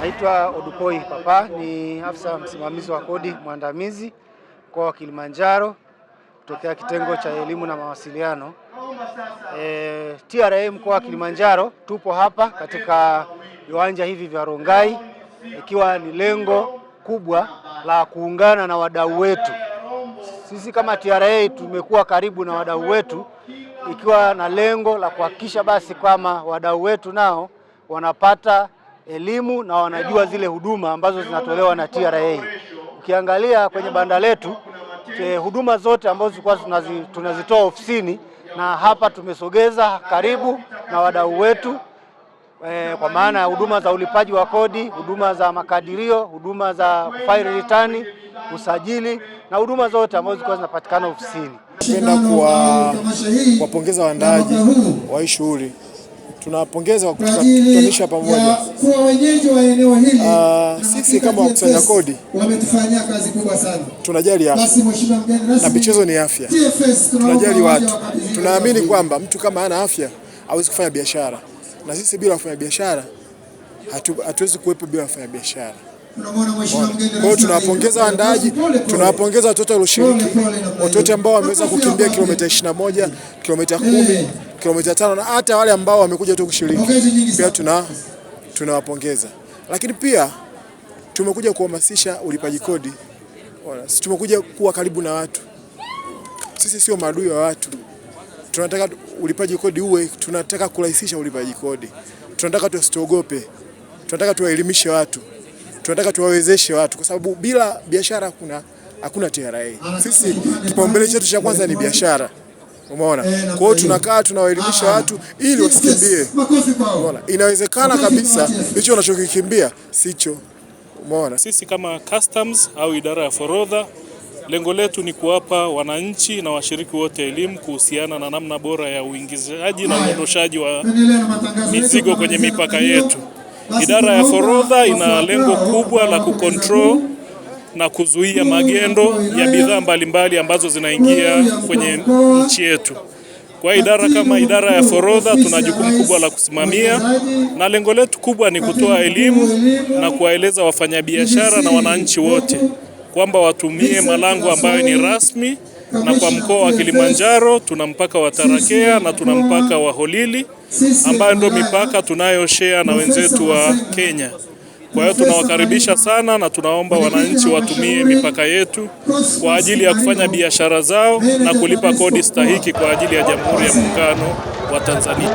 Naitwa Odupoi Papa, ni afisa msimamizi wa kodi mwandamizi mkoa wa Kilimanjaro kutokea kitengo cha elimu na mawasiliano e, TRA mkoa wa Kilimanjaro. Tupo hapa katika viwanja hivi vya Rongai ikiwa ni lengo kubwa la kuungana na wadau wetu. Sisi kama TRA tumekuwa karibu na wadau wetu ikiwa na lengo la kuhakikisha basi kwamba wadau wetu nao wanapata elimu na wanajua zile huduma ambazo zinatolewa na TRA. Ukiangalia kwenye banda letu eh, huduma zote ambazo zilikuwa tunazitoa ofisini na hapa tumesogeza karibu na wadau wetu e, kwa maana ya huduma za ulipaji wa kodi, huduma za makadirio, huduma za file return, usajili na huduma zote ambazo zilikuwa zinapatikana ofisini napenda kuwapongeza waandaaji wa hii shughuli. Tunawapongeza kwa kutukutanisha pamoja. Kwa wenyeji wa eneo hili, ah, sisi kama wakusanya kodi wametufanyia kazi kubwa sana. Tunajali afya. Na michezo ni afya. Tunajali watu. Tunaamini kwamba mtu kama hana afya hawezi kufanya biashara, na sisi bila kufanya biashara hatuwezi kuwepo bila kufanya biashara. Kwa tunawapongeza waandaji, tunawapongeza watoto walioshiriki, watoto ambao wameweza kukimbia kilomita 21, kilomita eh. kumi, kilomita tano na hata wale ambao wamekuja tu kushiriki pia tuna tunawapongeza. Lakini pia tumekuja kuhamasisha ulipaji kodi, tumekuja kuwa karibu na watu. Sisi sio maadui wa watu, tunataka ulipaji kodi uwe, tunataka kurahisisha ulipaji kodi, tunataka tusitogope, tunataka tuwaelimishe watu tunataka tuwawezeshe watu, kwa sababu bila biashara hakuna hakuna TRA. Sisi kipaumbele chetu cha kwanza ni biashara, umeona. Kwa hiyo tunakaa tunawaelimisha watu ili wasikimbie, umeona. Inawezekana kabisa hicho wanachokikimbia sicho, umeona. Sisi kama customs au idara ya forodha lengo letu ni kuwapa wananchi na washiriki wote elimu kuhusiana na namna bora ya uingizaji na uondoshaji wa mizigo kwenye mipaka yetu. Idara ya forodha ina lengo kubwa la kukontrol na kuzuia magendo ya bidhaa mbalimbali ambazo zinaingia kwenye nchi yetu. Kwa idara kama idara ya forodha tuna jukumu kubwa la kusimamia, na lengo letu kubwa ni kutoa elimu na kuwaeleza wafanyabiashara na wananchi wote kwamba watumie malango ambayo ni rasmi, na kwa mkoa wa Kilimanjaro tuna mpaka wa Tarakea na tuna mpaka wa Holili ambayo ndio mipaka tunayo share na wenzetu wa Kenya. Kwa hiyo tunawakaribisha sana na tunaomba wananchi watumie mipaka yetu kwa ajili ya kufanya biashara zao na kulipa kodi stahiki kwa ajili ya Jamhuri ya Muungano wa Tanzania.